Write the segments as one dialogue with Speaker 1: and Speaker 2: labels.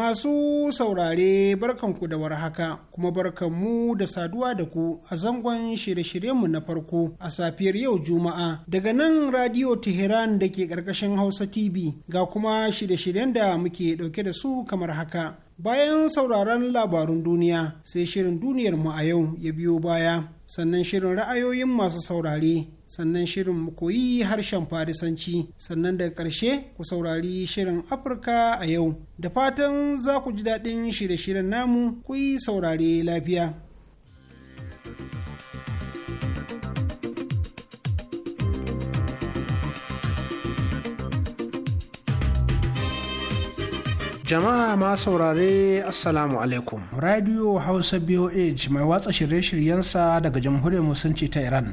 Speaker 1: Masu saurare barkanku da warhaka kuma barkanmu da saduwa da ku a zangon shirye-shiryenmu na farko a safiyar yau Juma'a daga nan Radio Tehran da ke ƙarƙashin Hausa TV ga kuma shirye-shiryen da muke ɗauke da su kamar haka. Bayan sauraron labarun duniya sai shirin duniyar mu a yau ya biyo baya sannan shirin ra'ayoyin masu saurare. sannan shirin mu koyi harshen farisanci sannan daga ƙarshe ku saurari shirin afirka a yau da fatan za ku ji daɗin shirye-shiryen namu ku yi saurare lafiya
Speaker 2: jama'a ma saurare assalamu alaikum radio hausa boh mai watsa shirye-shiryensa daga jamhuriyar musulunci ta iran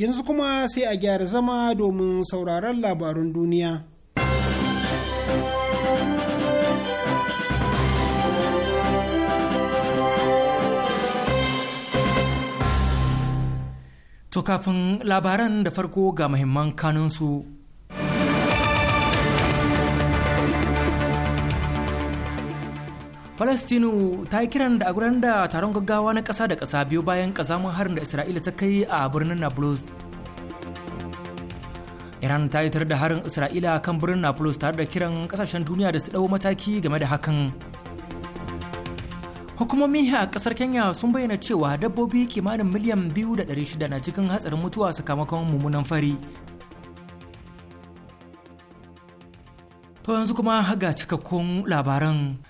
Speaker 1: yanzu kuma sai a gyara zama domin sauraron labarun duniya.
Speaker 3: To kafin labaran da farko ga muhimman kanunsu. Falastinu ta yi kiran da a gudanar da taron gaggawa na ƙasa da ƙasa biyu bayan ƙazamin harin da Isra'ila ta kai a birnin Nablus. Iran ta yi da harin Isra'ila kan birnin Nablus tare da kiran ƙasashen duniya da su ɗau mataki game da hakan. Hukumomi a ƙasar Kenya sun bayyana cewa dabbobi kimanin miliyan biyu da ɗari shida na cikin hatsarin mutuwa sakamakon mummunan fari. To yanzu kuma ga cikakkun labaran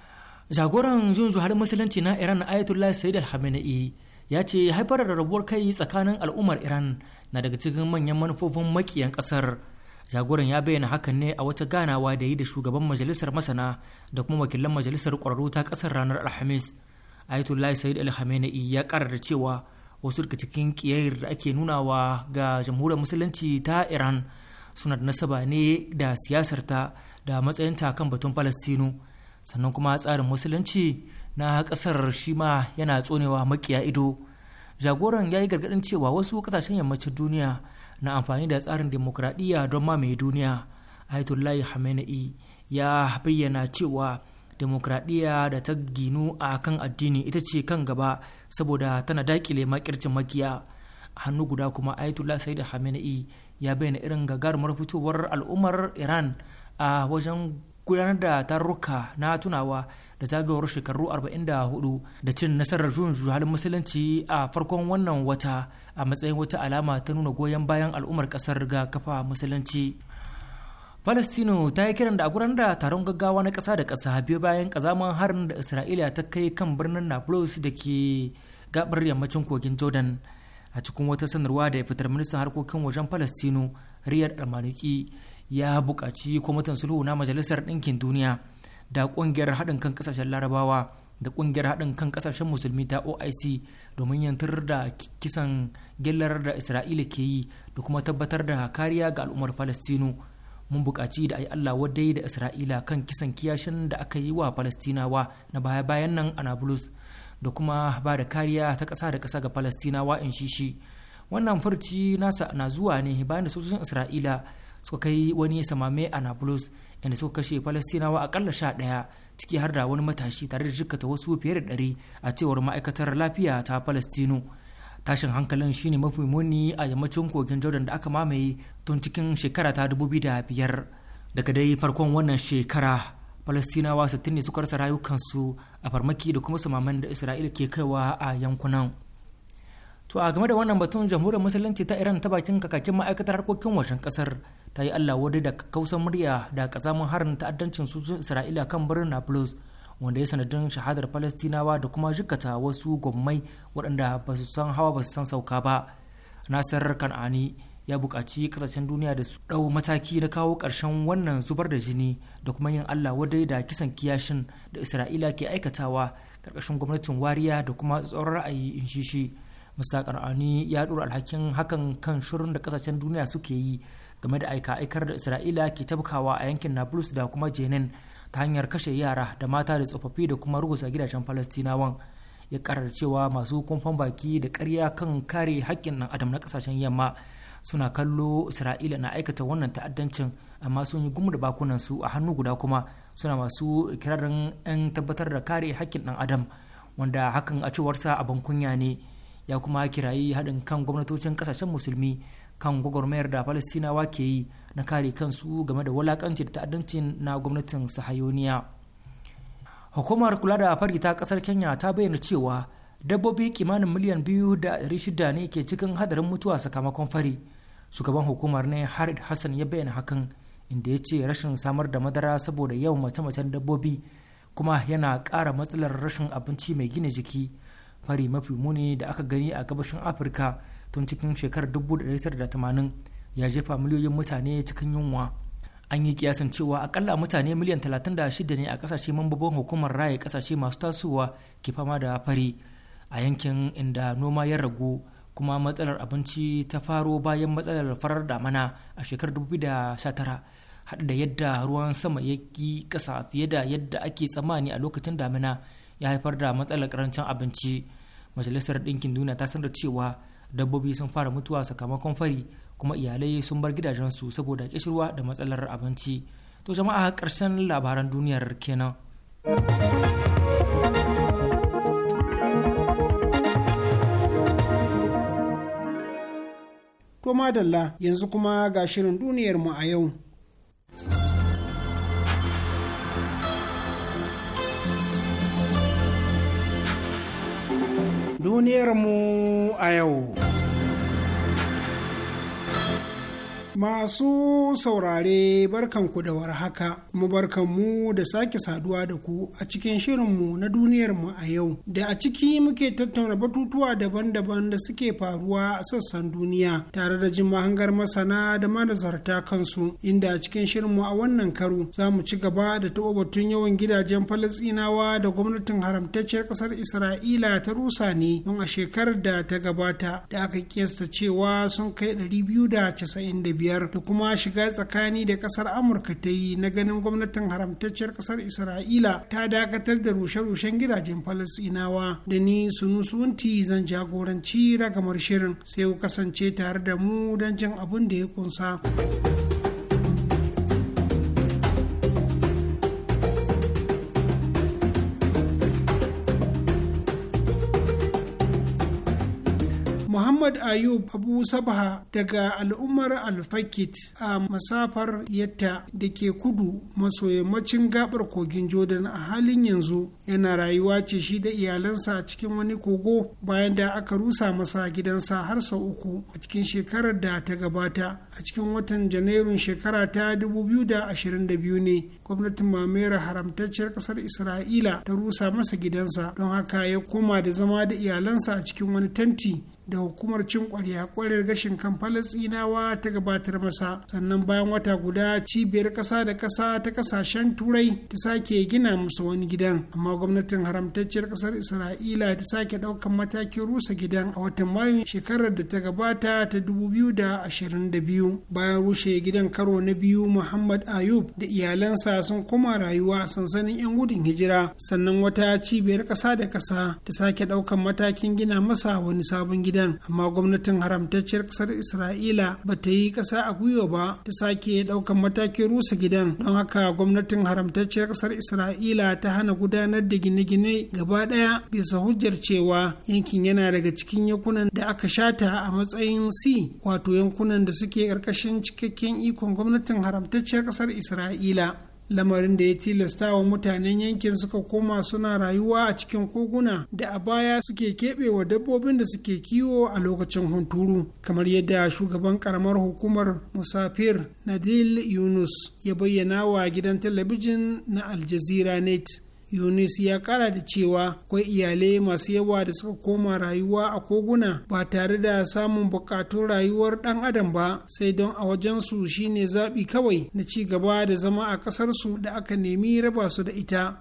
Speaker 3: jagoran jun har musulunci na iran ayatollah sayyid al ya ce haifar da rabuwar kai tsakanin al'ummar iran na daga cikin manyan manufofin makiyan kasar jagoran ya bayyana hakan ne a wata ganawa da yi da shugaban majalisar masana da kuma wakilan majalisar kwararru ta kasar ranar alhamis ayatollah sayyid al ya kara da cewa wasu daga cikin kiyayyar da ake nunawa ga jamhuriyar musulunci ta iran suna da nasaba ne da siyasarta da matsayinta kan batun falastinu sannan kuma tsarin musulunci na kasar shi ma yana tsonewa makiya ido jagoran ya yi gargaɗin cewa wasu ƙasashen yammacin duniya na amfani da tsarin demokradiyya don mamaye duniya ayatollahi hamenei ya bayyana cewa demokradiyya da ta ginu a kan addini ita ce kan gaba saboda tana dakile makircin makiya hannu guda kuma sai sayyid hamenei ya bayyana irin gagarumar fitowar al'ummar iran a wajen gudanar da tarurruka na tunawa da zagayowar shekaru 44 da cin nasarar juyin halin musulunci a farkon wannan wata a matsayin wata alama ta nuna goyon bayan al'ummar kasar ga kafa musulunci palestino ta yi kiran da a gudanar da taron gaggawa na kasa da kasa biyu bayan kazamar harin da isra'ila ta kai kan birnin nablus da ke gabar yammacin kogin jordan a cikin wata sanarwa da ya fitar ministan harkokin wajen palestino riyar almaniki. ya buƙaci kwamitin sulhu na majalisar ɗinkin duniya da ƙungiyar haɗin kan ƙasashen larabawa da ƙungiyar haɗin kan ƙasashen musulmi ta oic domin yantar da kisan gillar da isra'ila ke yi da kuma tabbatar da kariya ga al'ummar palestinu mun buƙaci da ayi allah wadai da isra'ila kan kisan kiyashin da aka yi wa palestinawa na baya bayan nan a nablus da kuma ba da kariya ta ƙasa da ƙasa ga palestinawa in shishi wannan furci nasa na zuwa ne bayan da sojojin isra'ila suka kai wani samame a nablus inda suka kashe falastinawa akalla sha ɗaya ciki har da wani matashi tare da jikkata wasu fiye da ɗari a cewar ma'aikatar lafiya ta palestino tashin hankalin shine mafi muni a yammacin kogin jordan da aka mamaye tun cikin shekara ta biyar daga dai farkon wannan shekara falastinawa sittin ne suka rasa rayukansu a farmaki da kuma samaman da isra'ila ke kaiwa a yankunan to a game da wannan batun jamhuriyar musulunci ta iran ta bakin kakakin ma'aikatar harkokin wajen kasar ta yi allah wadai da kausan murya da kazamin harin ta'addancin sojin isra'ila kan birnin nablus wanda ya sanadin shahadar falastinawa da kuma jikata wasu gwammai waɗanda ba su san hawa ba su san sauka ba nasar kan'ani ya buƙaci kasashen duniya da su ɗau mataki na kawo ƙarshen wannan zubar da jini da kuma yin Allah wadai da kisan kiyashin da Isra'ila ke aikatawa ƙarƙashin gwamnatin wariya da kuma tsoron ra'ayi in shi shi mista kar'ani ya dora alhakin hakan kan shirin da kasashen duniya suke yi game da aika aikar da isra'ila ke tabkawa a yankin nablus da kuma jenin ta hanyar kashe yara da mata da tsofaffi da kuma rugusa gidajen falastinawan ya karar cewa masu kumfan baki da karya kan kare haƙƙin ɗan adam na kasashen yamma suna kallo isra'ila na aikata wannan ta'addancin amma sun yi gumda bakunan su a hannu guda kuma suna masu kirarin 'yan tabbatar da kare haƙƙin ɗan adam wanda hakan a cewarsa abin kunya ne ya kuma kirayi haɗin kan gwamnatocin ƙasashen musulmi kan gwagwarmayar da falastinawa ke yi na kare kansu game da wulakanci da ta'addancin na gwamnatin sahayoniya hukumar kula da ta ƙasar kenya ta bayyana cewa dabbobi kimanin miliyan biyu da shida ne ke cikin hadarin mutuwa sakamakon fari shugaban hukumar ne harid hassan ya bayyana hakan inda ya ce rashin samar da madara saboda yawan mace-macen dabbobi kuma yana ƙara matsalar rashin abinci mai gina jiki fari mafi muni da aka gani a gabashin afirka tun cikin shekarar 1980 ya jefa miliyoyin mutane cikin yunwa an yi kiyasin cewa akalla mutane miliyan 36 ne a kasashe mambobin hukumar raya kasashe masu tasowa ke fama da fari a yankin inda noma ya ragu kuma matsalar abinci ta faro bayan matsalar farar damana a shekarar 2019 hada da yadda ruwan sama ya ƙi ƙasa fiye da yadda ake tsammani a lokacin damina ya haifar da matsalar karancin abinci majalisar ɗinkin duniya ta sanar cewa dabbobi sun fara mutuwa sakamakon fari kuma iyalai sun bar gidajensu saboda kishirwa da matsalar abinci to jama'a ƙarshen labaran duniyar kenan
Speaker 1: to madalla yanzu kuma ga shirin duniyar mu a yau duniyarmu a yau. Masu saurare barkanku da warhaka kuma barkanmu da sake saduwa da ku a cikin shirin mu na duniyarmu a yau da a ciki muke tattauna batutuwa daban-daban da suke faruwa a sassan duniya tare da jin mahangar masana da manazarta kansu inda a cikin mu a wannan karo za mu ci gaba da taɓa batun yawan gidajen falastinawa da gwamnatin haramtacciyar ƙasar Isra'ila ta rusa ne don a shekarar da ta gabata da aka kiyasta cewa sun kai 295 biyar da kuma shiga tsakani da kasar amurka ta yi na ganin gwamnatin haramtacciyar kasar isra'ila ta dakatar da rushe-rushen gidajen falasinawa da ni sunusunti zan jagoranci ragamar shirin sai ku kasance tare da mu don jin abin da ya kunsa. Muhammad Ayub Abu Sabha daga al'ummar Alfakit a masafar Yatta da ke kudu maso yammacin gabar kogin Jordan a halin yanzu yana rayuwa ce shi da iyalansa a cikin wani kogo bayan da aka rusa masa gidansa har sau uku a cikin shekarar da ta gabata a cikin watan Janairun shekara ta 2022 ne gwamnatin mamera haramtacciyar kasar Isra'ila ta rusa masa gidansa don haka ya koma da zama da iyalansa a cikin wani tanti da hukumar cin kwarya kwarar gashin kan falasinawa ta gabatar masa sannan bayan wata guda cibiyar kasa da kasa ta kasashen turai ta sake gina masa wani gidan amma gwamnatin haramtacciyar kasar isra'ila ta sake ɗaukan matakin rusa gidan a watan mayu shekarar da ta gabata ta da ashirin biyu bayan rushe gidan karo na biyu muhammad ayub da iyalansa sun koma rayuwa a sansanin 'yan gudun hijira sannan wata cibiyar kasa da kasa ta sake ɗaukan matakin gina masa wani sabon gidan ladan amma gwamnatin haramtacciyar ƙasar isra'ila ba ta yi ƙasa a gwiwa ba ta sake ɗaukan matakin rusa gidan don haka gwamnatin haramtacciyar ƙasar isra'ila ta hana gudanar da gine-gine gaba ɗaya bisa hujjar cewa yankin yana daga cikin yankunan da aka shata a matsayin c wato yankunan da suke ƙarƙashin cikakken ikon gwamnatin haramtacciyar ƙasar isra'ila lamarin da ya tilasta wa mutanen yankin suka koma suna rayuwa a cikin koguna da a baya suke wa dabbobin da suke kiwo a lokacin hunturu kamar yadda shugaban karamar hukumar musafir nadil yunus ya bayyana wa gidan talabijin na aljazira net Yunis ya kara da cewa akwai iyalai masu yawa da suka koma rayuwa a koguna ba tare da samun bukatun rayuwar ɗan adam ba sai don a wajen su shine zaɓi kawai na ci gaba da zama a ƙasarsu da aka nemi raba su da ita.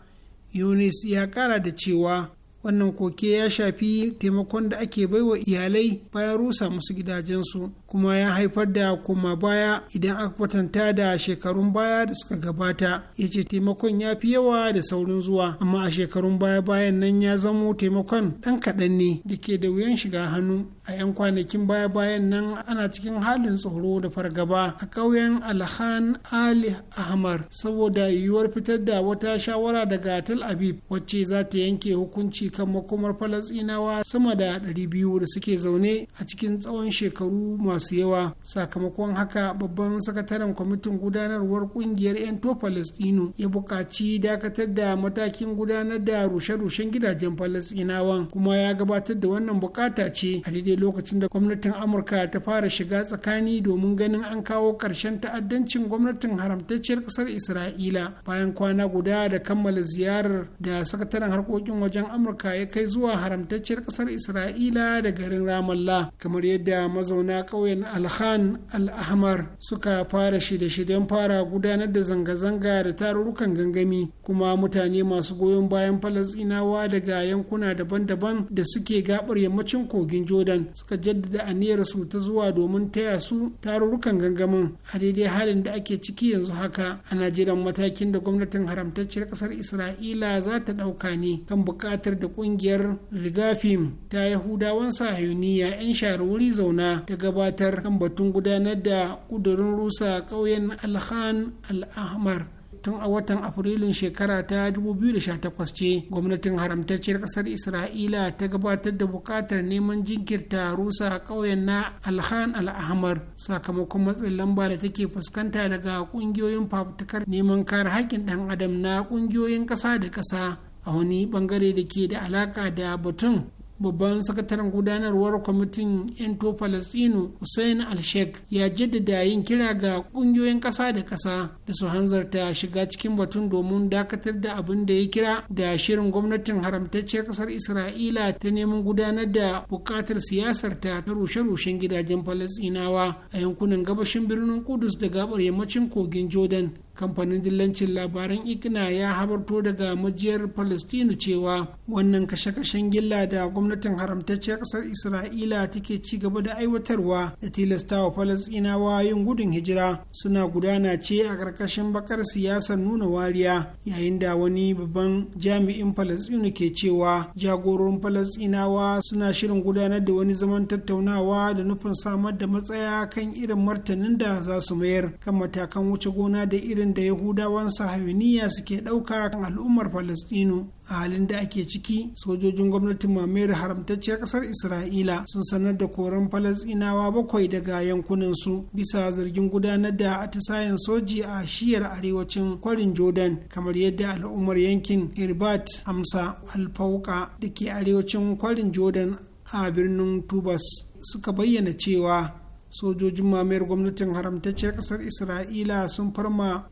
Speaker 1: Yunis ya kara da cewa wannan koke ya shafi taimakon da ake baiwa iyalai bayan rusa musu gidajensu. kuma ya haifar da koma baya idan aka kwatanta da shekarun baya da suka gabata ya ce taimakon ya fi yawa da saurin zuwa amma a shekarun baya bayan nan ya zamo taimakon ɗan kaɗan ne da ke da wuyan shiga hannu a 'yan kwanakin baya bayan nan ana cikin halin tsoro da fargaba a ƙauyen alhan ali ahmar saboda yiwuwar fitar da wata shawara daga tel aviv wacce za ta yanke hukunci kan makomar falasinawa sama da 200 da suke zaune a cikin tsawon shekaru masu masu yawa sakamakon haka babban sakataren kwamitin gudanarwar kungiyar 'yan to palestino ya buƙaci dakatar da matakin gudanar da rushe-rushen gidajen palestinawan kuma ya gabatar da wannan bukata ce a daidai lokacin da gwamnatin amurka ta fara shiga tsakani domin ganin an kawo ƙarshen ta'addancin gwamnatin haramtacciyar ƙasar isra'ila bayan kwana guda da kammala ziyarar da sakataren harkokin wajen amurka ya kai zuwa haramtacciyar ƙasar isra'ila da garin ramallah kamar yadda mazauna ƙauye ƙauyen alhan al'ahmar suka fara shirye-shiryen fara gudanar da zanga-zanga da tarurrukan gangami kuma mutane masu goyon bayan falasinawa daga yankuna daban-daban da suke gabar yammacin kogin jordan suka jaddada aniyarsu ta zuwa domin taya su tarurrukan gangamin a daidai halin da ake ciki yanzu haka ana jiran matakin da gwamnatin haramtacciyar ƙasar isra'ila za ta ɗauka ne kan buƙatar da ƙungiyar rigafim ta yahudawan sahiyuniya 'yan shara wuri zauna ta gabatar gabatar kan batun gudanar da kudurin rusa ƙauyen alhan al'ahmar tun a watan afrilun shekara ta 2018 ce gwamnatin haramtacciyar kasar isra'ila ta gabatar da bukatar neman jinkirta rusa ƙauyen na alhan al'ahmar sakamakon matsin lamba da take fuskanta daga ƙungiyoyin fafutukar neman kare haƙƙin ɗan adam na ƙungiyoyin ƙasa da ƙasa a wani bangare da ke da alaƙa da batun babban sakataren gudanarwar kwamitin 'yanto palestino hussein alshek ya jaddada yin kira ga ƙungiyoyin ƙasa da ƙasa da su hanzarta shiga cikin batun domin dakatar da abin da ya kira da shirin gwamnatin haramtacciyar ƙasar isra'ila ta neman gudanar da buƙatar siyasar ta ta rushe-rushen gidajen palestinawa a yankunan gabashin birnin kudus da gabar yammacin kogin jordan kamfanin dillancin labaran ikna ya habarto daga majiyar palestino cewa wannan kashe-kashen gilla da gwamnatin haramtacciyar ƙasar isra'ila take ci gaba da aiwatarwa da tilasta wa palestinawa yin gudun hijira suna gudana ce a ƙarƙashin bakar siyasar nuna wariya yayin da wani babban jami'in palestino ke cewa jagororin palestinawa suna shirin gudanar da wani zaman tattaunawa da nufin samar da matsaya kan irin martanin da za su mayar kan matakan wuce gona da irin halin da yahudawan sahayuniya suke ɗauka kan al'ummar falastinu a halin da ake ciki sojojin gwamnatin mamayar haramtacciyar kasar isra'ila sun sanar da koren palestinawa bakwai daga yankunan su bisa zargin gudanar da atisayen soji a shiyar arewacin kwarin jordan kamar yadda al'ummar yankin herbert hamsa alfauka da ke arewacin kwarin jordan a birnin tubas suka bayyana cewa sojojin mamayar gwamnatin haramtacciyar kasar isra'ila sun farma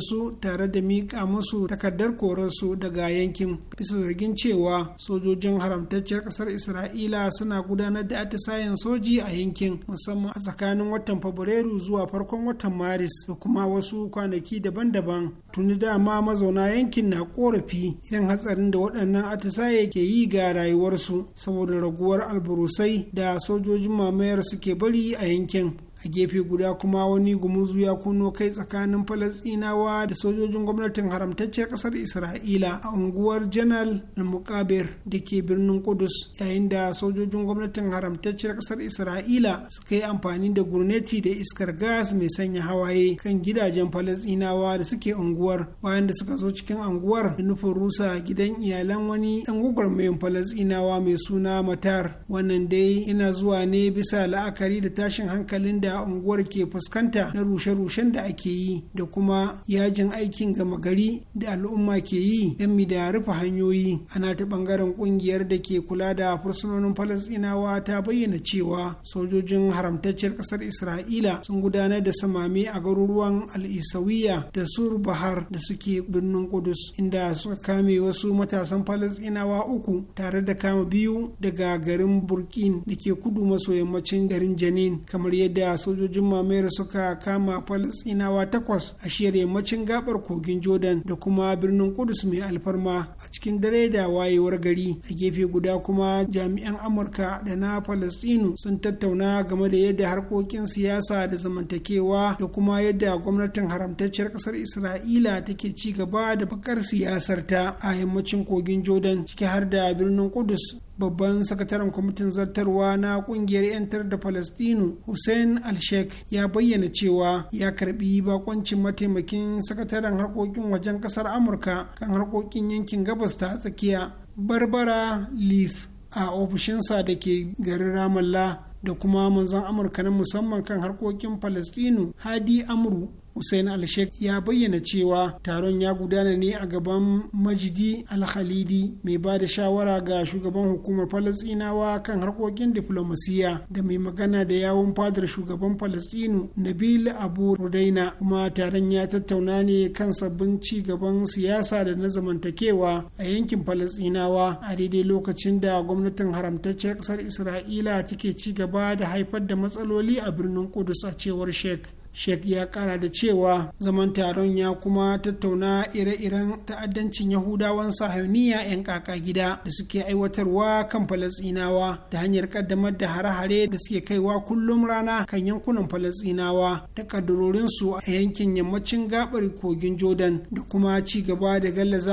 Speaker 1: su tare da miƙa musu takardar korarsu daga yankin bisa zargin cewa sojojin haramtacciyar kasar isra'ila suna gudanar da atisayen soji a yankin musamman a tsakanin watan fabrairu zuwa farkon watan maris da kuma wasu kwanaki daban-daban tuni dama mazauna yankin na korafi irin hatsarin da waɗannan atisaye ke yi ga rayuwarsu saboda raguwar alburusai da sojojin mamayar suke bari a yankin King. gefe guda kuma wani gumuzu ya kuno kai tsakanin falasinawa da sojojin gwamnatin haramtacciyar kasar isra'ila a unguwar janal mukabir da ke birnin kudus yayin da sojojin gwamnatin haramtacciyar kasar isra'ila suka yi amfani da gurneti da iskar gas mai sanya hawaye kan gidajen falasinawa da suke unguwar bayan da suka zo cikin unguwar da nufin rusa gidan iyalan wani yan gwagwarmayin falasinawa mai suna matar wannan dai yana zuwa ne bisa la'akari da tashin hankalin da unguwar ke fuskanta na rushe-rushen da ake yi da kuma yajin aikin gama gari da al'umma ke yi gami da rufe hanyoyi ana ta bangaren kungiyar da ke kula da fursunonin falasinawa ta bayyana cewa sojojin haramtacciyar kasar isra'ila sun gudanar da samami a garuruwan al'isawiya da sur bahar da suke birnin kudus inda suka kame wasu matasan falasinawa uku tare da kama biyu daga garin burkin da ke kudu maso yammacin garin janin kamar yadda sojojin mamayar suka kama falasinawa takwas a shiyar yammacin gabar kogin jordan da kuma birnin kudus mai alfarma a cikin dare da wayewar gari a gefe guda kuma jami'an amurka da na falasinu sun tattauna game da yadda harkokin siyasa da zamantakewa da kuma yadda gwamnatin haramtacciyar kasar isra'ila take ci gaba da bakar siyasarta a yammacin kogin jordan ciki har da birnin kudus babban sakataren kwamitin zartarwa na kungiyar 'yantar da palestinu hussein alshek ya bayyana cewa ya karbi bakoncin mataimakin sakataren harkokin wajen kasar amurka kan harkokin yankin gabas ta tsakiya barbara leaf a ofishinsa da ke garin ramallah da kuma manzon amurka na musamman kan harkokin palestinu hadi amru hussein alshek ya bayyana cewa taron ya gudana ne a gaban majidi alkhalidi mai ba da shawara ga shugaban hukumar falasinawa kan harkokin diflomasiya da mai magana da yawon fadar shugaban falasɗinu nabil abu rudaina kuma taron ya tattauna ne kan sabbin ci gaban siyasa da na zamantakewa a yankin falasinawa a daidai lokacin da gwamnatin haramtacciyar ƙasar isra'ila take ci gaba da haifar da matsaloli a birnin kudus a cewar sheikh sheik ya kara da cewa zaman taron ya kuma tattauna ire-iren ta'addancin yahudawan Sahauniya 'yan kaka gida da suke aiwatarwa kan falasinawa da hanyar kaddamar da hare-hare da suke kaiwa kullum rana kan yankunan falasinawa da ƙaddarorinsu a yankin yammacin gabar kogin jordan da kuma ci gaba da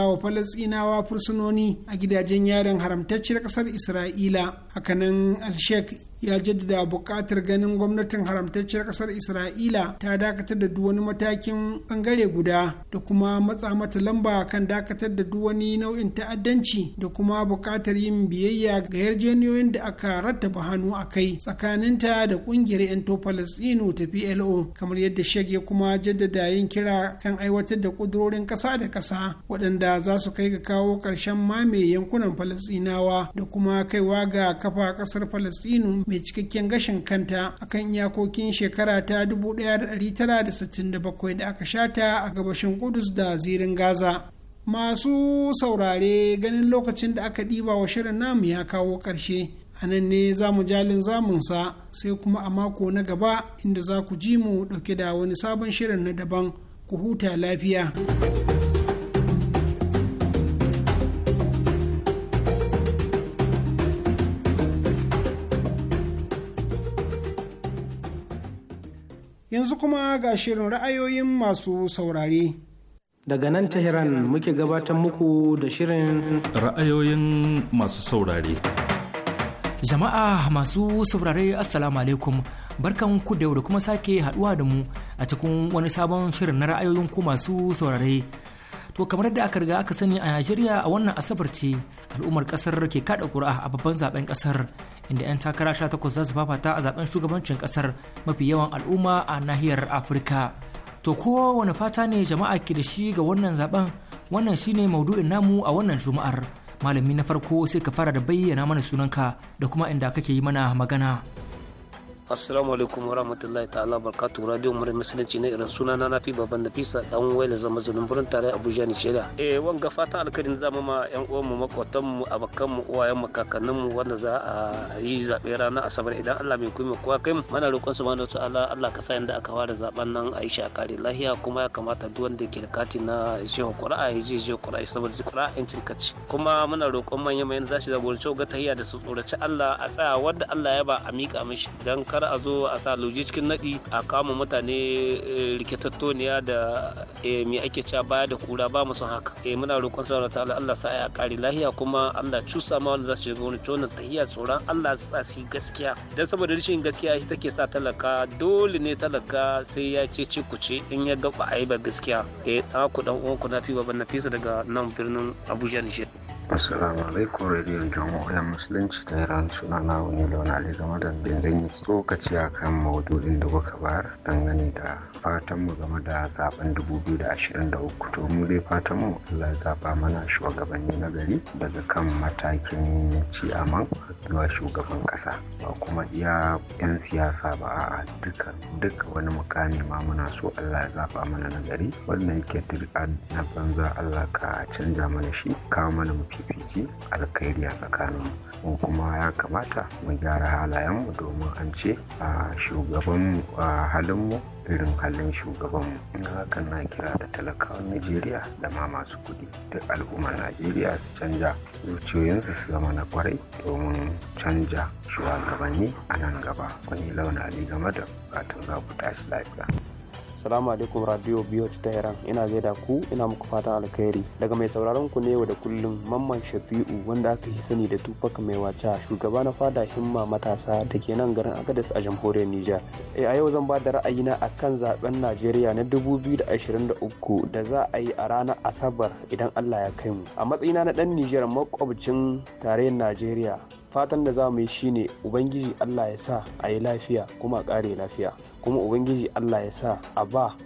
Speaker 1: wa falasinawa fursunoni a gidajen yaren haramtacciyar ƙasar isra'ila hakanan al-sheik ya jaddada buƙatar ganin gwamnatin haramtacciyar ƙasar isra'ila ta dakatar da duwani matakin bangare guda da kuma matsa mata lamba kan dakatar da duwani nau'in ta'addanci da kuma buƙatar yin biyayya ga yarjejeniyoyin da aka rattaba hannu a kai tsakaninta da ƙungiyar 'yan palestino ta plo kamar yadda shege kuma jaddada yin kira kan aiwatar da ƙudurorin ƙasa da ƙasa waɗanda za su kai ga kawo ƙarshen mame yankunan palestinawa da kuma kaiwa ga kafa ƙasar palestino mai mai cikakken gashin kanta a kan iyakokin shekara ta 1967 da aka shata a gabashin Kudus da zirin Gaza. Masu saurare ganin lokacin da aka ɗiba wa shirin namu ya kawo ƙarshe. A nan ne za mu jalin zamunsa sai kuma a mako na gaba inda za ku ji mu ɗauke da wani sabon shirin na daban ku huta lafiya. yanzu kuma ga shirin ra'ayoyin masu saurare. Daga nan Tehran muke
Speaker 4: gabatar muku da shirin ra'ayoyin masu saurare.
Speaker 3: Jama'a masu saurare Assalamu alaikum barkan ku da yau da kuma sake haduwa da mu a cikin wani sabon shirin na ra'ayoyin ku masu saurare. To kamar da aka riga aka sani a Najeriya a wannan asabar ce al'ummar kasar ke kada ƙuri'a a babban zaben kasar. inda 'yan takara 18 za su fafata a zaben shugabancin kasar mafi yawan al'umma a nahiyar afirka to kowane fata ne jama'a ke da shi ga wannan zaben wannan shine maudu'in namu a wannan juma'ar malami na farko sai ka fara da bayyana mana sunanka da kuma inda kake yi mana magana
Speaker 5: assalamu alaikum warahmatullahi ta'ala barkatu radio mura musulunci na irin suna na nafi baban da fisa dan waila zama zulun burin tare abuja nigeria eh wanga fata alkarin zama ma yan uwanmu makwatan mu abakan mu uwayen mu kakannin mu wanda za a yi zabe rana asabar idan Allah mai kuma kowa kai mana roƙon subhanahu ta'ala Allah ka sa inda aka fara zaben nan Aisha kare lahiya kuma ya kamata duk wanda ke da kati na shehu qura'a ya je shehu qura'a saboda qura'a yancin kaci kuma muna roƙon manyan manyan zasu jagoranci ga tahiyya da su tsoraci Allah a tsaya wanda Allah ya ba a mika mishi dan kar a zo a sa lauje cikin naɗi a kama mutane eh, rikitattoniya da eh, me ake cewa baya da kura ba mu son haka eh muna roƙon subhanahu ta'ala Allah sa ya kare lahiya kuma Allah cusa ma wanda za su shiga wani tonan tahiya tsoron Allah sa su gaskiya dan saboda rashin gaskiya shi take sa talaka dole ne talaka sai ya ce ce ku ce in ya ga ba a yi ba gaskiya eh dan ku dan uwan ku na fi baban na daga nan birnin Abuja Nijar
Speaker 6: Assalamu alaikum radiyon jamhuriyar musulunci ta Iran suna na wani launa ali game da zan yi tsokaci a kan maudu'in da kuka bayar dangane da fatanmu game da zaben 2023 to mu dai fatanmu Allah ya zaba mana shugabanni na gari daga kan matakin ciyaman zuwa shugaban ƙasa. ba kuma iya yan siyasa ba a duka wani mukami ma muna so Allah ya zaba mana na gari wannan yake duk na banza Allah ka canja mana shi kawo mana mutum rikici alkhairi a tsakanin mu kuma ya kamata mu gyara halayenmu domin an ce a shugabanmu halinmu irin halin shugabanmu ina hakan na kira da talakawan najeriya da ma masu kudi duk al'ummar najeriya su canja zuciyoyinsu su zama na kwarai domin canja shugabanni a nan gaba wani launa game da bukatun za ku tashi lafiya
Speaker 7: assalamu alaikum radio biyo ta iran ina gaida ku ina muku fatan alkhairi daga mai sauraron ku ne yau da kullum mamman shafi'u wanda aka yi sani da tufaka mai wacha shugaba na fada himma matasa da ke nan garin agadis a jamhuriyar niger. e eh, a yau zan ba da ra'ayi ra'ayina kan zaben najeriya na dubu biyu da ashirin da za a yi a ranar asabar idan allah ya kai mu a matsayina na dan nijar makwabcin tarayyar najeriya fatan da za mu yi shine ubangiji allah ya sa a yi lafiya kuma a ƙare lafiya kuma ubangiji allah ya sa a ba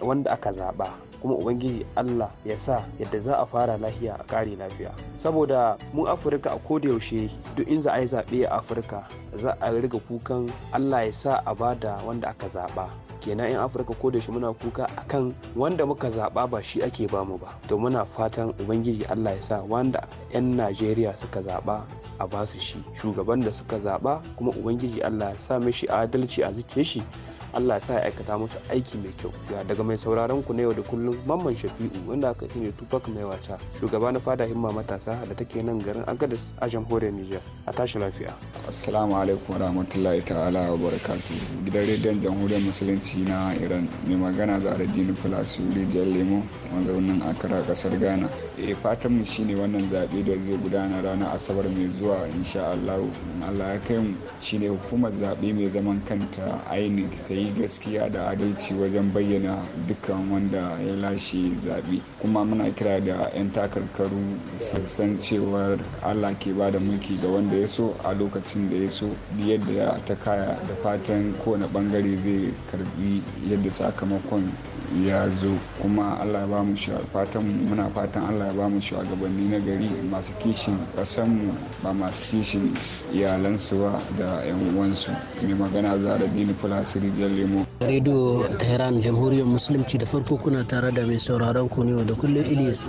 Speaker 7: wanda aka zaba kuma ubangiji allah ya sa yadda za a fara lafiya a kare lafiya saboda mun afirka a kodayaushe duk in za a yi zaɓe a afirka za a riga kukan allah ya sa a ba da wanda aka zaba. kenan yan afirka ko da shi muna kuka akan wanda muka zaba ba shi ake ba mu ba to muna fatan ubangiji allah ya sa wanda yan najeriya suka zaba a basu shi shugaban da suka zaba kuma ubangiji allah ya sa mishi adalci a zuciyar shi Allah sa ya aikata musu aiki mai kyau ya daga mai sauraron ku na yau da kullum mamman shafi'u wanda aka shine tupac mai wata shugaba na fada himma matasa da take nan garin Agadez a jamhuriyar niger a tashi lafiya
Speaker 1: assalamu alaikum rahmatullahi ta'ala wa barakatuhu gidan rediyon jamhuriyar musulunci na iran mai magana da Aladdin falasu rijiyar lemo mazaunin akara kasar ghana Eh fatan mu shine wannan zaɓe da zai gudana ranar asabar mai zuwa insha allah allah ya kai mu shine hukumar zaɓe mai zaman kanta inec ta yi yi gaskiya da adalci wajen bayyana dukkan wanda ya lashe zaɓe kuma muna kira da 'yan takarkaru su san cewar allah ke ba da mulki ga wanda ya so a lokacin da ya so yadda ta kaya da fatan kowane bangare zai karbi yadda sakamakon ya zo kuma allah ya ba mu fatan muna fatan allah ya ba mu shugabanni na gari masu kishin kasanmu ba masu kishin iyalansu ba da 'yan uwansu mai magana za da dini fulasiri gidan lemo.
Speaker 8: Radio Tehran Jamhuriyar Musulunci da farko kuna tare da mai sauraron ku ne da kullum Ilyas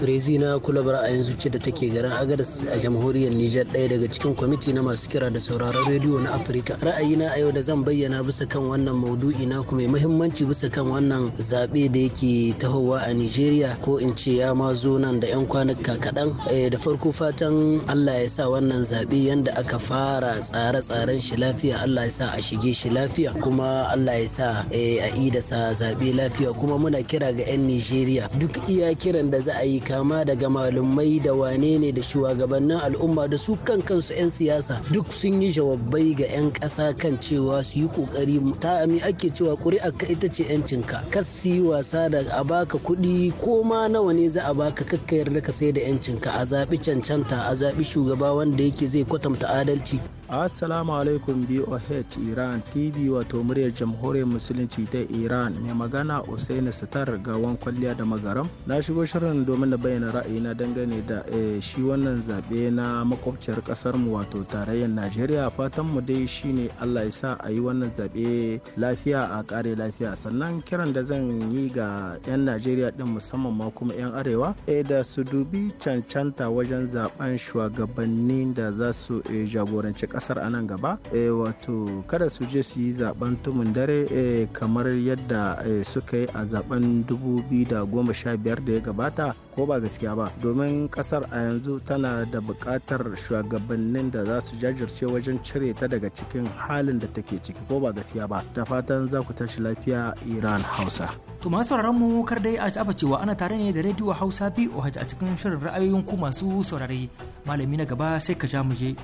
Speaker 8: firizi na kulabar a yanzu ce da take garin Agadas a Jamhuriyar Nijar ɗaya daga cikin kwamiti na masu kira da sauraron rediyo na Afirka. Ra'ayina a yau da zan bayyana bisa kan wannan maudu'i na ku mai muhimmanci bisa kan wannan zaɓe da yake tahowa a Nijeriya ko in ce ya ma zo nan da 'yan kwanuka kaɗan. Eh, da farko fatan Allah ya sa wannan zaɓe yanda aka fara tsare-tsaren shi lafiya Allah ya sa a shige shi lafiya kuma Allah ya sa eh, a ida sa zaɓe lafiya kuma muna kira ga 'yan Nijeriya duk iya kiran da za a yi kama daga malumai da wane ne da shugabannin al'umma da su kan kansu 'yan siyasa duk sun yi jawabai ga 'yan ƙasa kan cewa su yi ƙoƙari ta ami ake cewa ƙuri'a ka ita ce 'yancinka kas su yi wasa da a baka kuɗi ko ma nawa ne za a baka kakka yarda ka sai da 'yancinka a zaɓi cancanta a zaɓi shugaba wanda yake zai kwatanta adalci
Speaker 9: Assalamu alaikum BOH Iran TV wato muryar jamhuriyar musulunci ta Iran mai magana Usaini Sitar gawan kwalliya da magaram. Na shigo shirin domin na bayyana ra'ayina dangane da eh, shi wannan zaɓe na makwabciyar ƙasar mu wato tarayyar Najeriya fatan mu dai shine Allah ya sa a yi wannan zaɓe lafiya a ƙare lafiya sannan kiran da zan yi ga 'yan Najeriya din musamman ma kuma 'yan arewa e da su dubi cancanta wajen zaben shugabannin da za su eh, jagoranci kasar a nan gaba eh, wato kada su je su yi zaben tumun dare eh, kamar yadda eh, suka yi a zaben 2015 da ya gabata ko ba gaskiya ba domin kasar a yanzu tana da buƙatar shugabannin da za su jajirce wajen cire ta daga cikin halin da take ciki ko ba gaskiya ba da fatan za ku tashi lafiya iran hausa
Speaker 3: to masu sauraron mu kar dai a sha'afa cewa ana tare ne da rediyo hausa voh a cikin shirin ra'ayoyin ku masu saurare malami na gaba sai ka ja mu je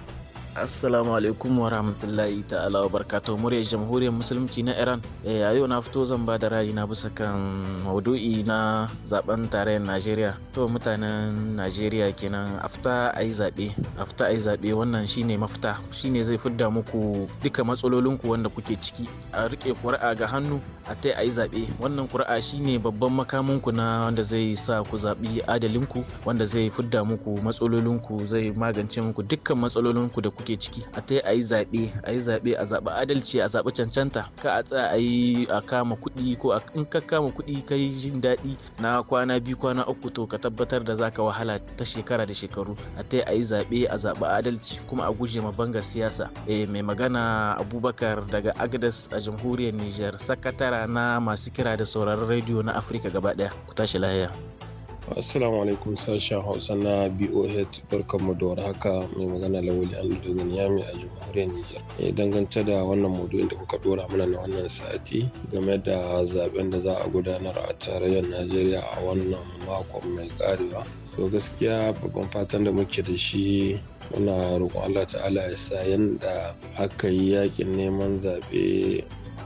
Speaker 9: assalamu alaikum wa rahmatullahi ta'ala wa barkato murya jamhuriyar musulunci na iran eh, a yau na fito zan ba da rayu na bisa kan maudu'i na zaben tarayyar najeriya to mutanen najeriya kenan afta a yi zaɓe afta a yi zaɓe wannan shine mafita shine zai fidda muku duka matsalolinku wanda kuke ciki a rike ƙuri'a ga hannu a ta a yi zaɓe wannan ƙuri'a shine babban makaminku na wanda zai sa ku zaɓi adalinku wanda zai fidda muku matsalolinku zai magance muku dukkan matsalolinku da ku ke ciki a ta a yi zaɓe a yi zaɓe a zaɓi adalci a zaɓi cancanta ka a tsaya a yi a kama kuɗi ko in ka kama kuɗi ka yi jin daɗi na kwana biyu kwana uku to ka tabbatar da zaka wahala ta shekara da shekaru a ta a yi zaɓe a zaɓi adalci kuma a guje ma banga siyasa eh mai magana abubakar daga agdas a jamhuriyar niger sakatara na masu kira da sauraron rediyo na afirka gaba ɗaya ku tashi lahiya
Speaker 10: Assalamu alaikum sashen Hausa na BOH barkanmu da haka mai magana Lawali Andu ya Niyami a jamhuriyar Nijar. E eh, dangance da wannan maudu'in da kuka dora mana na wannan sati game da zaben da za a gudanar a tarayyar Najeriya a wannan makon mai karewa. To gaskiya babban fatan da muke da shi muna roƙon Allah ta'ala ya sa yanda aka yi yakin neman zaɓe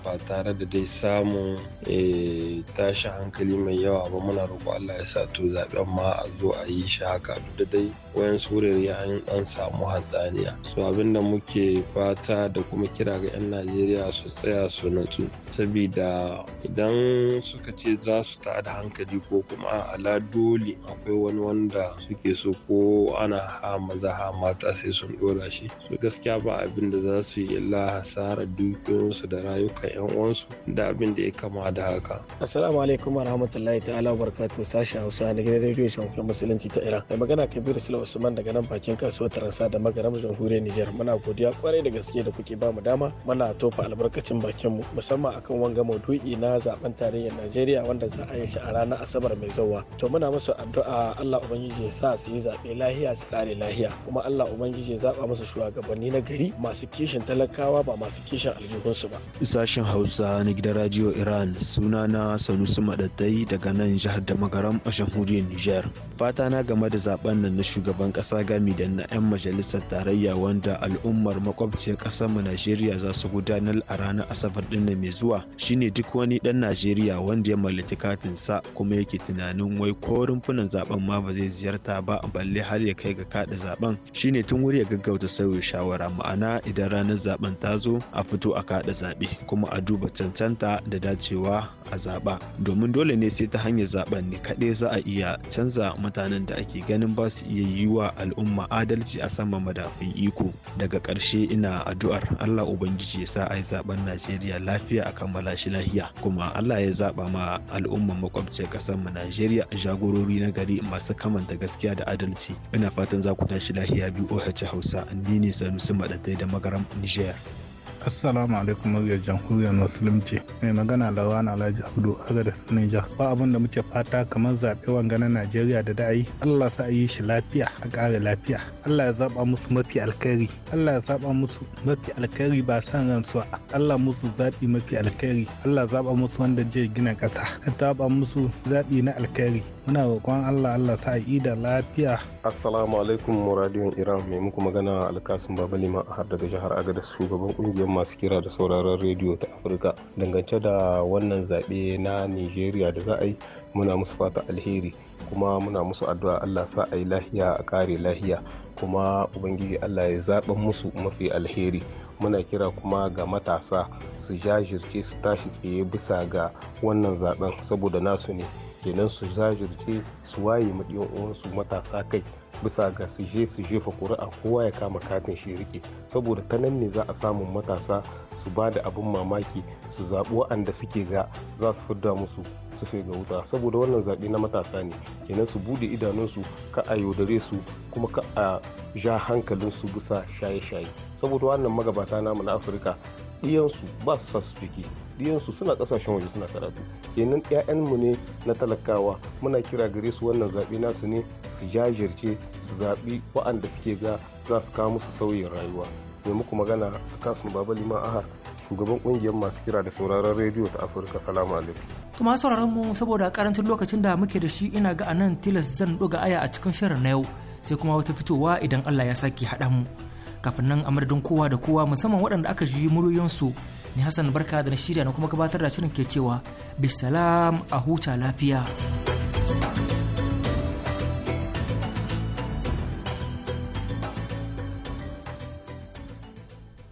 Speaker 10: ba tare da dai samun eh, tashin hankali mai yawa ba muna roƙo Allah ya sa to zaɓen ma a zo a yi shi haka duk da dai wayansu wurare an samu hatsaniya so abinda muke fata da kuma kira ga 'yan najeriya su tsaya su natsu sabida idan suka ce za su ta da hankali ko kuma ala dole akwai wani wanda suke so ko ana ha maza ha mata sai sun dora shi su gaskiya ba abin da za su yi illa hasara dukiyoyinsu da rayukan 'yan uwansu da abin da ya kama da haka
Speaker 11: assalamu alaikum warahmatullahi ta'ala barakatuh sashi hausa na gidan rediyo musulunci ta iran da magana kabiru silva usman daga nan bakin kasuwar taransa da magaram jamhuriyar nijar muna godiya kwarai da gaske da kuke bamu dama muna tofa albarkacin bakin mu musamman akan wanga maudu'i na zaben tarayyar najeriya wanda za a yi shi a ranar asabar mai zauwa to muna musu addu'a allah ubangiji ya sa su yi zaɓe lahiya su kare lahiya kuma allah ubangiji ya zaɓa musu shugabanni na gari masu kishin talakawa ba masu kishin aljihunsu ba sashen hausa na gidan radio iran suna na sanusi madaddai daga nan jihar da magaram a jamhuriyar nijar fata na game da zaben nan na shugaban shugaban ƙasa gami da na 'yan majalisar tarayya wanda al'ummar makwabciyar kasar mu Najeriya za su gudanar a ranar Asabar ɗin mai zuwa shine duk wani dan Najeriya wanda ya mallaki katin sa kuma yake tunanin wai ko rumfunan zaben ma ba zai ziyarta ba balle har ya kai ga kaɗa zaben shine tun wuri ya gaggauta sauyin shawara ma'ana idan ranar zaben ta zo a fito a kaɗa zaɓe kuma a duba cancanta da dacewa a zaɓa domin dole ne sai ta hanyar zaben ne kadai za a iya canza mutanen da ake ganin ba su iya yi yi wa al'umma adalci a sama madafin iko daga ƙarshe ina addu'ar allah ubangiji ya sa a yi zaben najeriya lafiya a kammala shi lahiya kuma allah ya zaɓa ma al'umman makwabciyar ƙasar mu najeriya jagorori na gari masu kamanta gaskiya da adalci ina fatan za ku tashi lahiya biyu oh hausa ni ne sanusi maɗatai da magaram niger
Speaker 12: assalamu alaikum muryar jamhuriyar musulunci mai magana
Speaker 13: da na alhaji abdu ga da nijar ba abin da muke fata kamar zaɓe wanga na najeriya da da'ayi allah sa yi shi lafiya a ƙara lafiya allah ya zaɓa musu mafi alkhairi allah ya zaɓa musu mafi alkhairi ba san ransu allah musu zaɓi mafi alkhairi allah zaɓa musu wanda zai gina ƙasa ya zaɓa musu zaɓi na alkhairi muna roƙon Allah Allah sa yi da lafiya
Speaker 12: assalamu alaikum radiyon iran mai muku magana alkasun Liman a har daga jihar agadas shugaban ƙungiyar masu kira da sauraron rediyo ta afirka dangance da wannan zaɓe na nigeria da za a yi muna musu fata alheri kuma muna musu addu'a Allah sa a yi lahiya a kare lahiya kuma ubangiji Allah ya zaɓen musu mafi alheri muna kira kuma ga matasa su jajirce su tashi tsaye bisa ga wannan zaɓen saboda nasu ne kenan su zajirce su waye ma uwansu matasa kai bisa ga su je su jefa ƙuri'a kowa ya kama katin shi rike saboda ta nan ne za a samu matasa su ba da abin mamaki su zaɓi waɗanda suke ga za su fidda musu su ga wuta saboda wannan zaɓe na matasa ne kenan su bude idanunsu ka a yaudare su kuma ka a ja hankalinsu bisa shaye-shaye saboda wannan magabata namu na afirka iyansu ba su sa su jiki su suna ƙasashen waje suna karatu kenan ƴaƴanmu ne na talakawa muna kira gare su wannan zaɓe nasu ne su jajirce su zaɓi waɗanda suke ga za su kawo musu sauyin rayuwa mai muku magana a kasu baba liman aha shugaban kungiyar masu kira da sauraron rediyo ta afirka salamu alaikum
Speaker 3: kuma sauraron mu saboda karancin lokacin da muke da shi ina ga anan tilas zan doga aya a cikin shirin na yau sai kuma wata fitowa idan allah ya sake haɗa mu kafin nan a madadin kowa da kowa musamman waɗanda aka ji muryoyinsu ni hassan barka da na shirya na kuma gabatar da shirin ke cewa bisalam a huta lafiya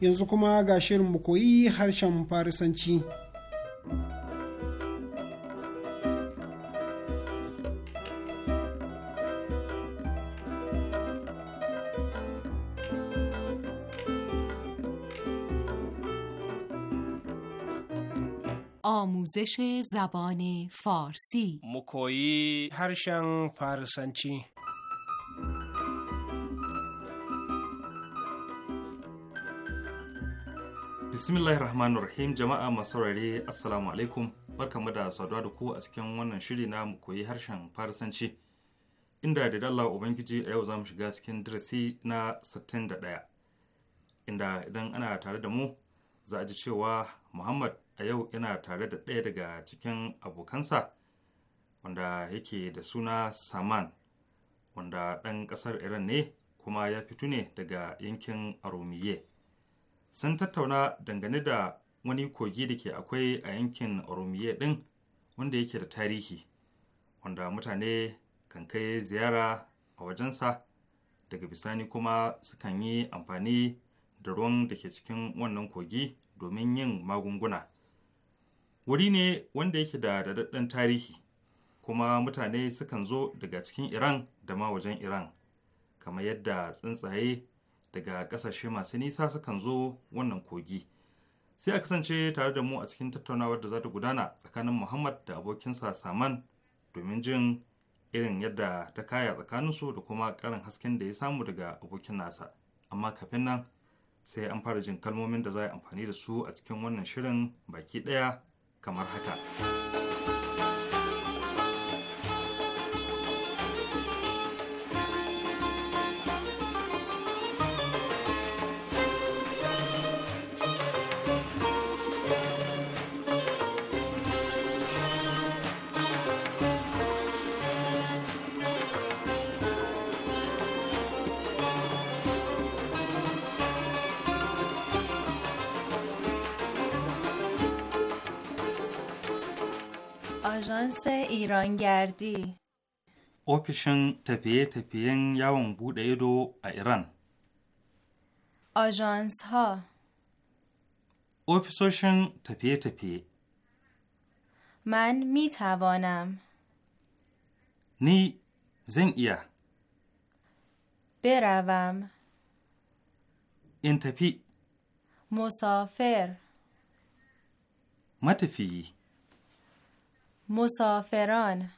Speaker 1: yanzu kuma ga shirin mu koyi harshen farisanci
Speaker 14: آموزش زبان فارسی
Speaker 2: مکویی هرشن فارسنچی
Speaker 4: bismillahir rahmanir rahim jama'a masu saurare assalamu alaikum barkamu da saduwa da ku a cikin wannan shiri na mu koyi harshen farisanci inda da dalla ubangiji a yau za mu shiga cikin darasi na 61 inda idan ana tare da mu za a ji cewa muhammad a yau yana tare da ɗaya daga cikin abokansa wanda yake da suna saman wanda ɗan ƙasar iran ne kuma ya fito ne daga yankin aromiye sun tattauna dangane da wani kogi da ke akwai a yankin aromiye ɗin wanda yake da tarihi wanda mutane kan kai ziyara a wajensa daga bisani kuma sukan yi amfani da ruwan da ke cikin wannan kogi domin yin magunguna wuri ne wanda yake da daɗaɗɗen tarihi kuma mutane sukan zo daga cikin iran da ma wajen iran kamar yadda tsuntsaye daga ƙasashe masu nisa sukan zo wannan kogi sai a kasance tare da mu a cikin tattaunawar da za ta gudana tsakanin muhammad da abokinsa saman domin jin irin yadda ta kaya tsakaninsu da kuma ƙarin hasken da ya samu daga abokin nasa amma kafin nan sai an fara jin kalmomin da za a amfani da su a cikin wannan shirin baki ɗaya kamar haka.
Speaker 14: آژانس ایرانگردی
Speaker 4: اوفیشن تپیه تپیهن یاون بوده ایدو ایران
Speaker 14: آژانس ها
Speaker 4: اپیشن تپیه تپی.
Speaker 14: من می توانم
Speaker 4: نی زن ایا
Speaker 14: بروم انتپی مسافر
Speaker 4: متفیه
Speaker 14: مسافران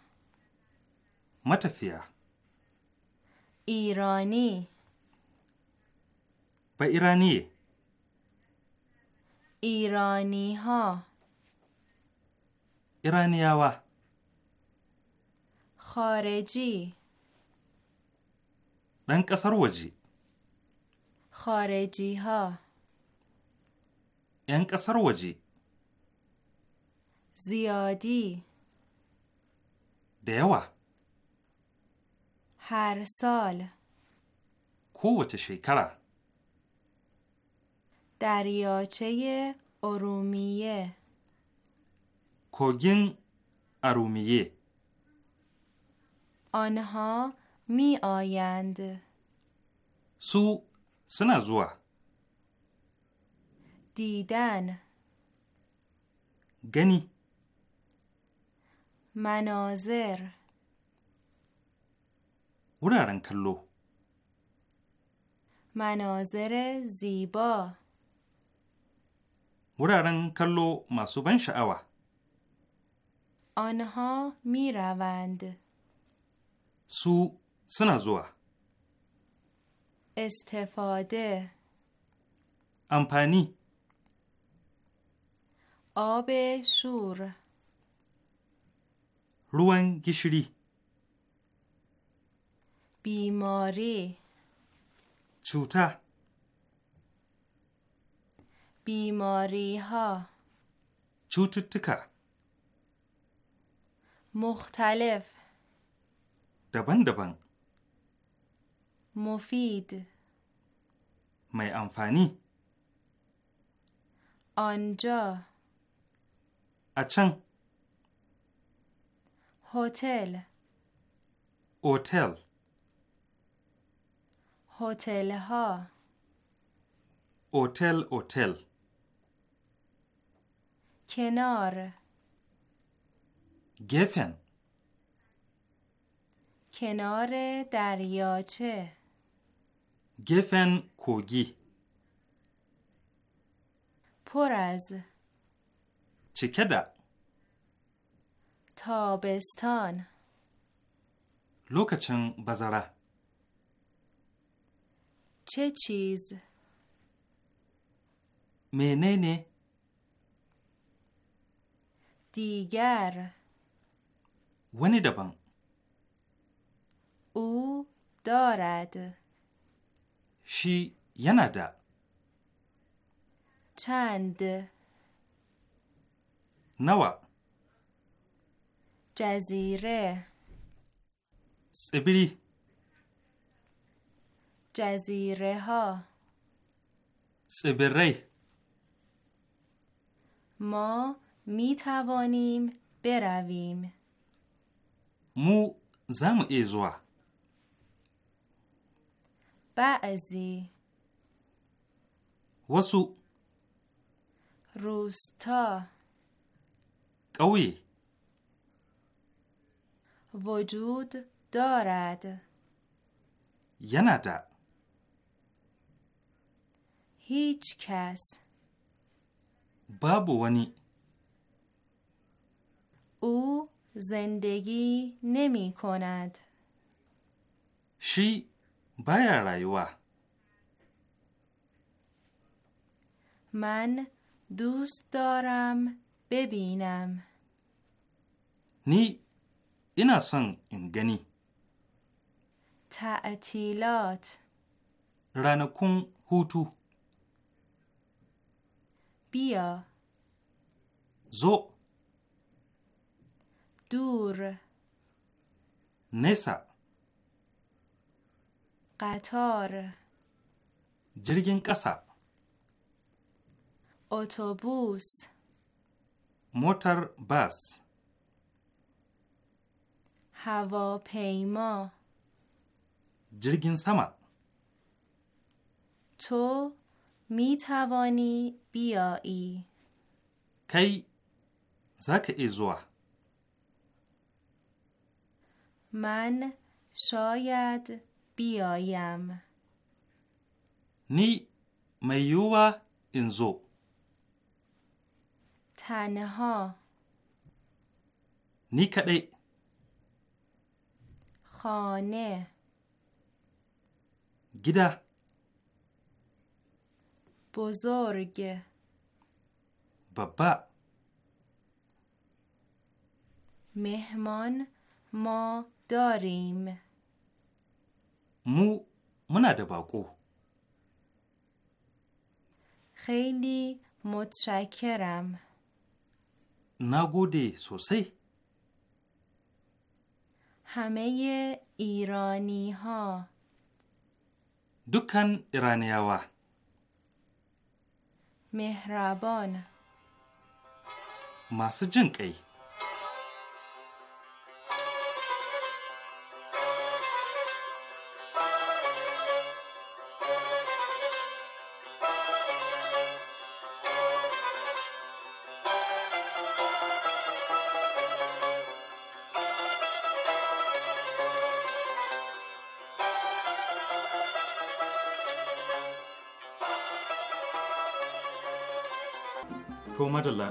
Speaker 14: متفیا ایرانی
Speaker 4: با ایرانی
Speaker 14: ایرانی ها
Speaker 4: ایرانی ها
Speaker 14: خارجی
Speaker 4: من کسر وجی
Speaker 14: خارجی ها
Speaker 4: این کسر وجی
Speaker 14: زیادی da هر سال
Speaker 4: kowace شیکره
Speaker 14: دریاچه ارومیه
Speaker 4: کوگین ارومیه
Speaker 14: آنها می آیند
Speaker 4: سو سنزوا.
Speaker 14: دیدن گنی مناظر
Speaker 4: ورارن کلو
Speaker 14: مناظر زیبا
Speaker 4: ورارن کلو ما
Speaker 14: آنها میروند
Speaker 4: سو سنا زوا
Speaker 14: استفاده
Speaker 4: امپانی
Speaker 14: آب شور
Speaker 4: ruwan gishiri
Speaker 14: بیماری cuta بیماری ها
Speaker 4: cututtuka
Speaker 14: Muktalef. daban-daban مفید
Speaker 4: mai amfani
Speaker 14: آنجا a can هتل هتل هتل ها
Speaker 4: هتل هتل
Speaker 14: کنار گفن کنار دریاچه
Speaker 4: گفن کوگی
Speaker 14: پر از چکه تابستان
Speaker 4: لوکچن بزره
Speaker 14: چه چیز
Speaker 4: مننه
Speaker 14: دیگر
Speaker 4: ونی دبان
Speaker 14: او دارد
Speaker 4: شی یندا
Speaker 14: چند نوا جزیره
Speaker 4: سبری
Speaker 14: جزیره ها
Speaker 4: سبری
Speaker 14: ما می توانیم برویم
Speaker 4: مو زم ایزوا
Speaker 14: بعضی وسو روستا قوی وجود دارد یه هیچ کس
Speaker 4: بابونی.
Speaker 14: او زندگی نمی کند
Speaker 4: شی بایا رایوا
Speaker 14: من دوست دارم ببینم
Speaker 4: نی ina son in gani
Speaker 14: tilot.
Speaker 4: ranakun hutu biya zo
Speaker 14: dur nesa qatar
Speaker 4: jirgin ƙasa
Speaker 14: otobus
Speaker 4: motar bas.
Speaker 14: هواپیما
Speaker 4: جرگین سما
Speaker 14: تو می توانی بیایی
Speaker 4: کی زک ایزوه
Speaker 14: من شاید بیایم
Speaker 4: نی میوه انزو
Speaker 14: تنها نی کدی خانه گیده بزرگ بابا مهمان ما داریم
Speaker 4: مو منا باقو
Speaker 14: خیلی متشکرم
Speaker 4: نگودی سوسی
Speaker 14: همه ایرانی ها
Speaker 4: دکن ها
Speaker 14: مهربان
Speaker 4: جنگ ای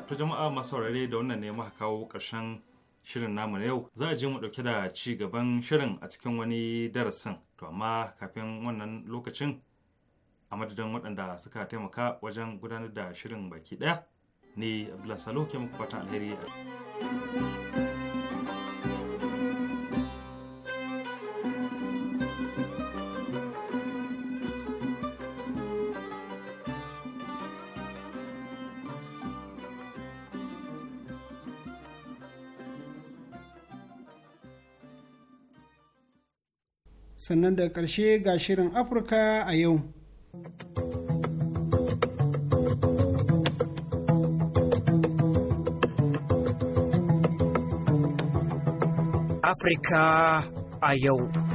Speaker 4: to jama'a masu saurare da wannan ne muka kawo ƙarshen shirin namu na yau za a je mu ɗauke da ci gaban shirin a cikin wani darasin to amma kafin wannan lokacin a madadin waɗanda suka taimaka wajen gudanar da shirin baki ɗaya ne abdullahi salo ke muku fatan alheri
Speaker 1: sannan da ƙarshe ga shirin afirka a yau
Speaker 3: afirka a yau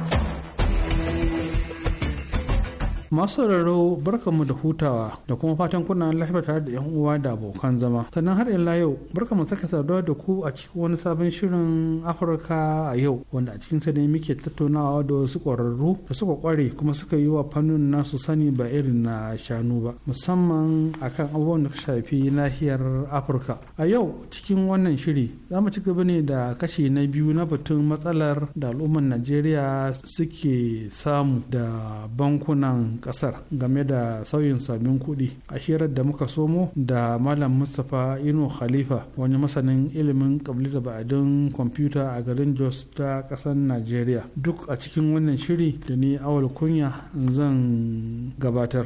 Speaker 13: masu sauraro barkanmu da hutawa da kuma fatan kuna lafiya tare da yan uwa da abokan zama sannan har illa yau barkanmu saka saduwa da ku a cikin wani sabon shirin afirka a yau wanda a cikin ne muke tattaunawa da wasu kwararru da suka kware kuma suka yi wa fannin nasu sani ba irin na shanu ba musamman akan abubuwan da shafi nahiyar afirka a yau cikin wannan shiri za mu ci gaba ne da kashi na biyu na batun matsalar da al'ummar najeriya suke samu da bankunan kasar game da sauyin sabbin kuɗi a shirar da muka somo da malam mustapha inu khalifa wani masanin ilimin kabli da ba'adin kwamfuta a garin jos ta ƙasar nigeria duk a cikin wannan shiri da ni awal kunya zan gabatar.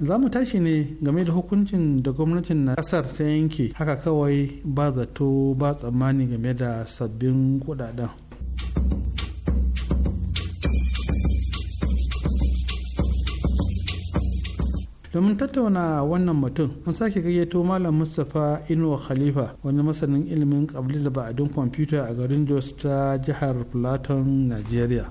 Speaker 13: za mu tashi ne game da hukuncin da gwamnatin na kasar ta yanke haka kawai ba zato ba tsammani game da sabbin kudaden domin tattauna wannan mutum mun sake gayyato malam mustapha inuwa khalifa wani masanin ilimin kabilu da ba'adin kwamfuta a garin jos ta jihar platon nigeria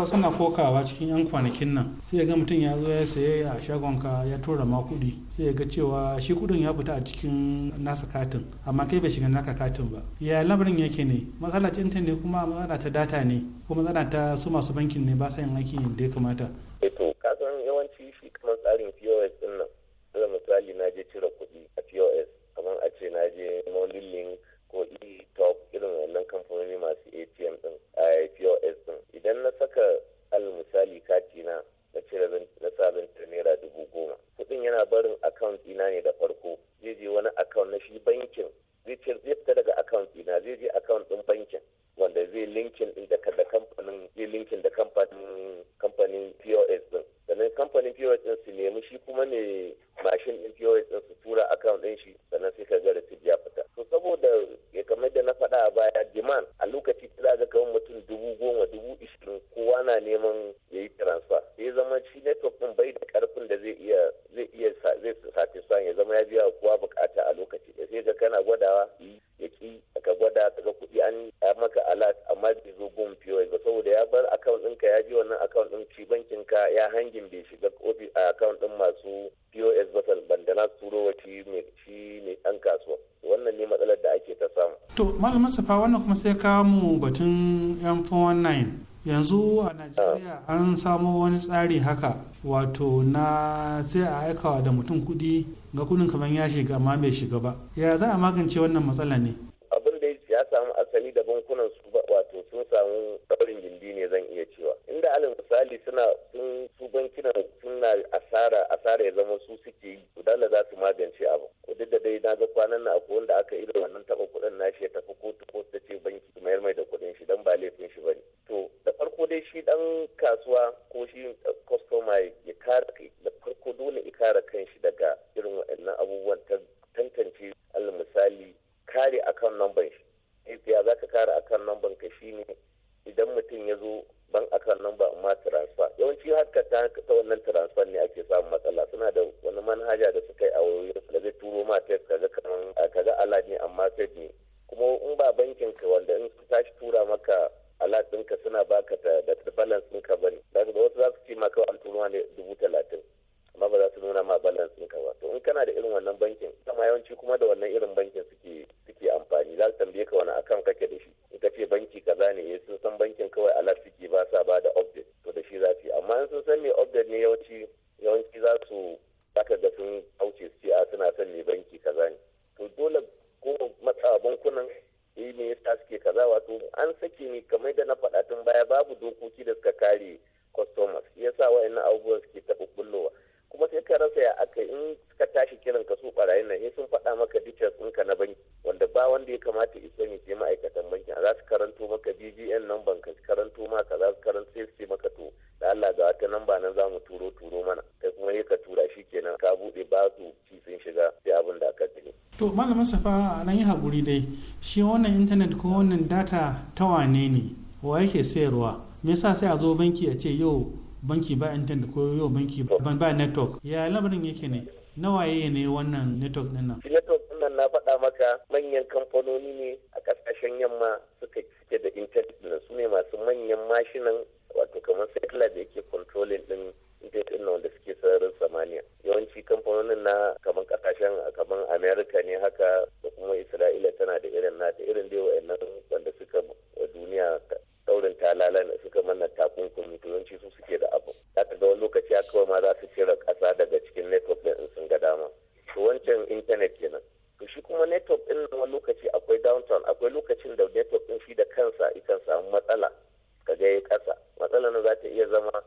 Speaker 13: hausawa suna kokawa cikin 'yan kwanakin nan sai ga mutum ya zo ya saye a shagonka ya tura ma kuɗi sai ya ga cewa shi kuɗin ya fita a cikin nasa katin amma kai bai shiga naka katin ba ya lamarin yake ne matsala ta ne kuma matsala ta data ne ko matsala ta su masu bankin ne ba sa yin aiki da ya kamata
Speaker 15: account na shi bankin
Speaker 13: mustapha wannan kuma sai kawo mu batun yan 419 yanzu a najeriya an samo wani tsari haka wato na sai a aikawa da mutum kudi ga kudin kamar ya shiga amma bai shiga ba ya za a magance wannan matsala
Speaker 4: ne
Speaker 15: ma sai ka ga kaman a ga alat ne amma sai ne kuma in ba bankin ka wanda in ka tashi tura maka alat ka suna baka da balance ɗinka ka bane da wasu za su ce maka kawai an turo ne dubu talatin amma ba za su nuna ma balance ka ba to in kana da irin wannan bankin kama yawanci kuma da wannan irin bankin su
Speaker 13: dai shi wannan intanet ko wannan data ta wane ne wa yake sayarwa me yasa sai a zo banki a ce yau banki ba intanet ko yau banki ba network ya lamarin yake ne nawa ne wannan network din nan
Speaker 15: matsalar za ta iya zama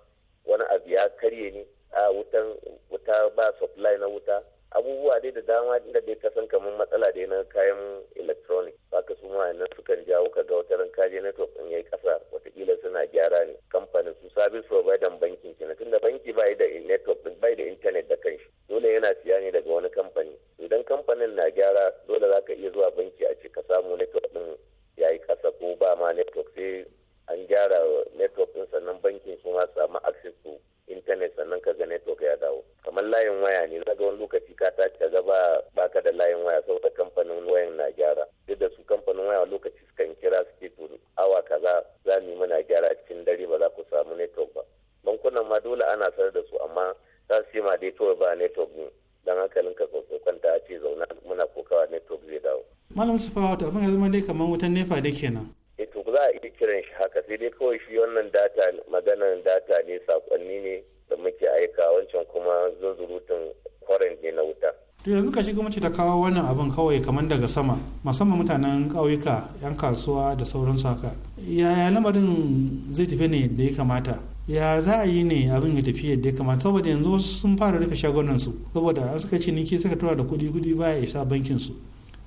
Speaker 15: wani abu ya karye ne a wutan wuta ba supply na wuta abubuwa dai da dama inda dai ka san kamar matsala dai na kayan electronic haka su ma'anan sukan jawo ka ga wata kaje network din yayi kasa watakila suna gyara ne kamfanin su service provider bankin na tunda banki ba da network din bai da internet da kanshi dole yana siya ne daga wani kamfani idan kamfanin na gyara dole zaka iya zuwa banki a ce ka samu network din yayi kasa ko ba ma network sai an gyara network din sannan bankin su ma samu access to internet sannan ka ga network ya dawo kamar layin waya ne na ga wani lokaci ka tashi ka ga ba baka da layin waya saboda kamfanin wayan na gyara duk da su kamfanin waya lokaci sukan kira su ke to awa kaza za mu muna gyara cikin dare ba za ku samu network ba bankunan ma dole ana sanar da su amma za su ma dai kawai ba network ne dan hankalin ka sosai kwanta a ce zauna muna kokawa network zai dawo
Speaker 13: malam sufawa to abin ya zama dai kamar wutan nefa da kenan
Speaker 15: e to za a iya kiran shi haka sai dai kawai shi wannan data maganan data ne sakonni ne da muke aika wancan kuma zuzurutun kwarin ne na wuta
Speaker 13: to yanzu ka shiga mace ta kawo wannan abin kawai kamar daga sama musamman mutanen ƙauyuka 'yan kasuwa da sauransu haka yaya lamarin zai tafi ne da ya kamata ya za a yi ne abin ya tafi yadda ya kamata saboda yanzu wasu sun fara rufe shagunan su saboda an suka ce ninki suka tura da kuɗi kuɗi baya isa bankin su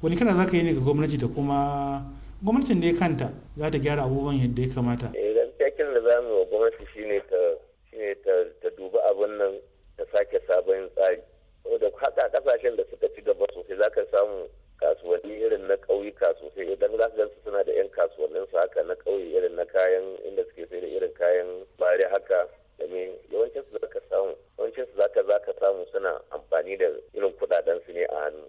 Speaker 13: wani kana za ka yi ne ga gwamnati da kuma gwamnatin ne kanta za ta gyara abubuwan yadda ya kamata. idan eh,
Speaker 15: gaskiya kiran da za mu wa gwamnati ne ta shine ta ta dubi abun nan ta sake sabon tsari. da haka kasashen da suka ci gaba sosai za ka samu kasuwanni irin na ƙauyuka sosai idan za su suna da 'yan kasuwannin su haka na ƙauye irin na kayan inda suke sai da irin kayan bari haka da me yawancin su zaka samu yawancin su samu suna amfani da irin kudaden su ne a hannu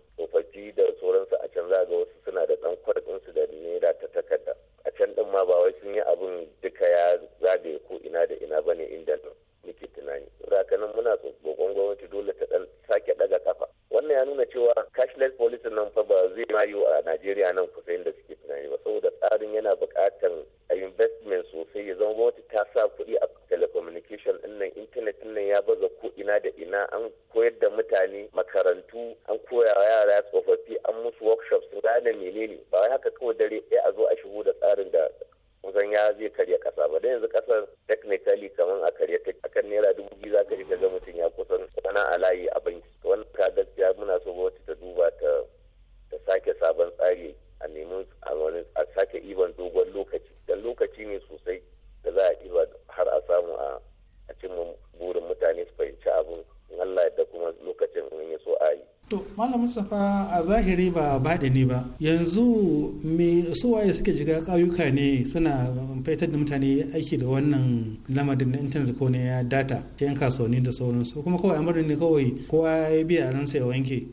Speaker 13: mustapha a zahiri ba ni ba yanzu me suwaye suke shiga ƙauyuka ne suna faitar da mutane aiki da wannan lamarin na intanet ko na data ta yan kasuwanni da sauransu kuma kawai amurin ne kawai
Speaker 4: kowa ya biya a ransa ya wanke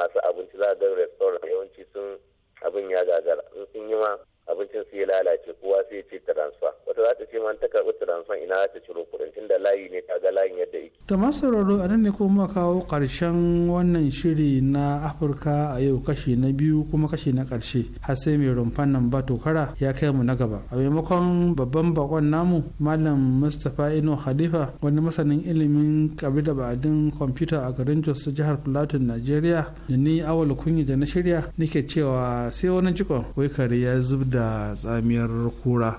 Speaker 15: masu abinci za ga restaurant yawanci sun abin ya gagara in sun yi ma abincin su ya lalace kowa sai ce transfer ma ta karɓi transfer ina ta ciro kuɗin tunda layi ne ta ga layin yadda yake.
Speaker 13: ta sauraro a nan ne kuma kawo karshen wannan shiri na afirka a yau kashi na biyu kuma kashi na karshe har sai mai rumfan nan ba tokara ya kai mu na gaba a maimakon babban bakon namu malam mustapha ino khalifa wani masanin ilimin kabi da ba'adin kwamfuta a garin jos ta jihar plateau nigeria da ni awal kunyi da na shirya nake cewa sai wani jikon wai kare ya zub da tsamiyar kura.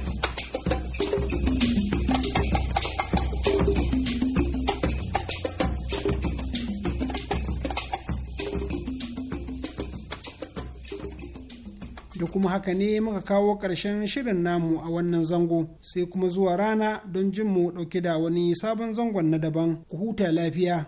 Speaker 1: kuma haka ne muka kawo ƙarshen shirin namu a wannan zango sai kuma zuwa rana don jin mu ɗauke da wani sabon zangon na daban ku huta lafiya